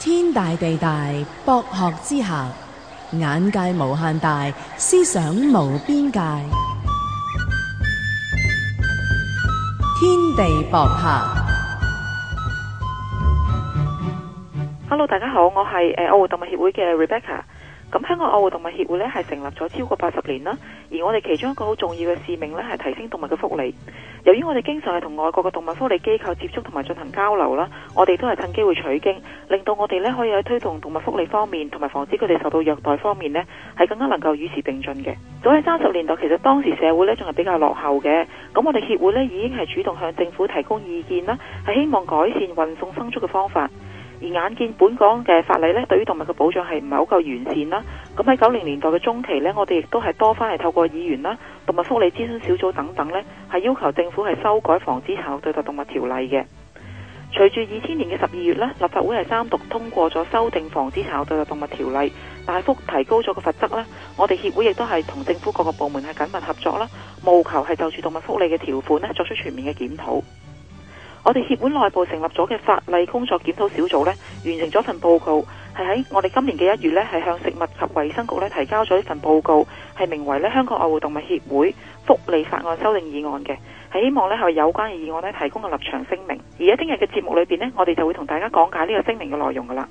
天大地大，博學之下，眼界無限大，思想無邊界。天地博客，Hello，大家好，我係誒愛護動物協會嘅 Rebecca。咁香港愛護動物協會呢，係成立咗超過八十年啦。而我哋其中一個好重要嘅使命呢，係提升動物嘅福利。由於我哋經常係同外國嘅動物福利機構接觸同埋進行交流啦，我哋都係趁機會取經，令到我哋呢可以喺推動動物福利方面，同埋防止佢哋受到虐待方面呢，係更加能夠與時並進嘅。早喺三十年代，其實當時社會呢仲係比較落後嘅，咁我哋協會呢，已經係主動向政府提供意見啦，係希望改善運送牲畜嘅方法。而眼見本港嘅法例咧，對於動物嘅保障係唔係好夠完善啦，咁喺九零年代嘅中期呢，我哋亦都係多番係透過議員啦、動物福利諮詢小組等等呢，係要求政府係修改《防止殘酷對待動物條例》嘅。隨住二千年嘅十二月咧，立法會係三讀通過咗修訂《防止殘酷對待動物條例》，大幅提高咗個罰則呢，我哋協會亦都係同政府各個部門係緊密合作啦，務求係就住動物福利嘅條款咧，作出全面嘅檢討。我哋協會內部成立咗嘅法例工作檢討小組咧，完成咗份報告，係喺我哋今年嘅一月咧，係向食物及衛生局咧提交咗一份報告，係名為咧香港愛護動物協會福利法案修訂議案嘅，係希望呢係有關嘅議案咧提供個立場聲明。而喺聽日嘅節目裏邊咧，我哋就會同大家講解呢個聲明嘅內容噶啦。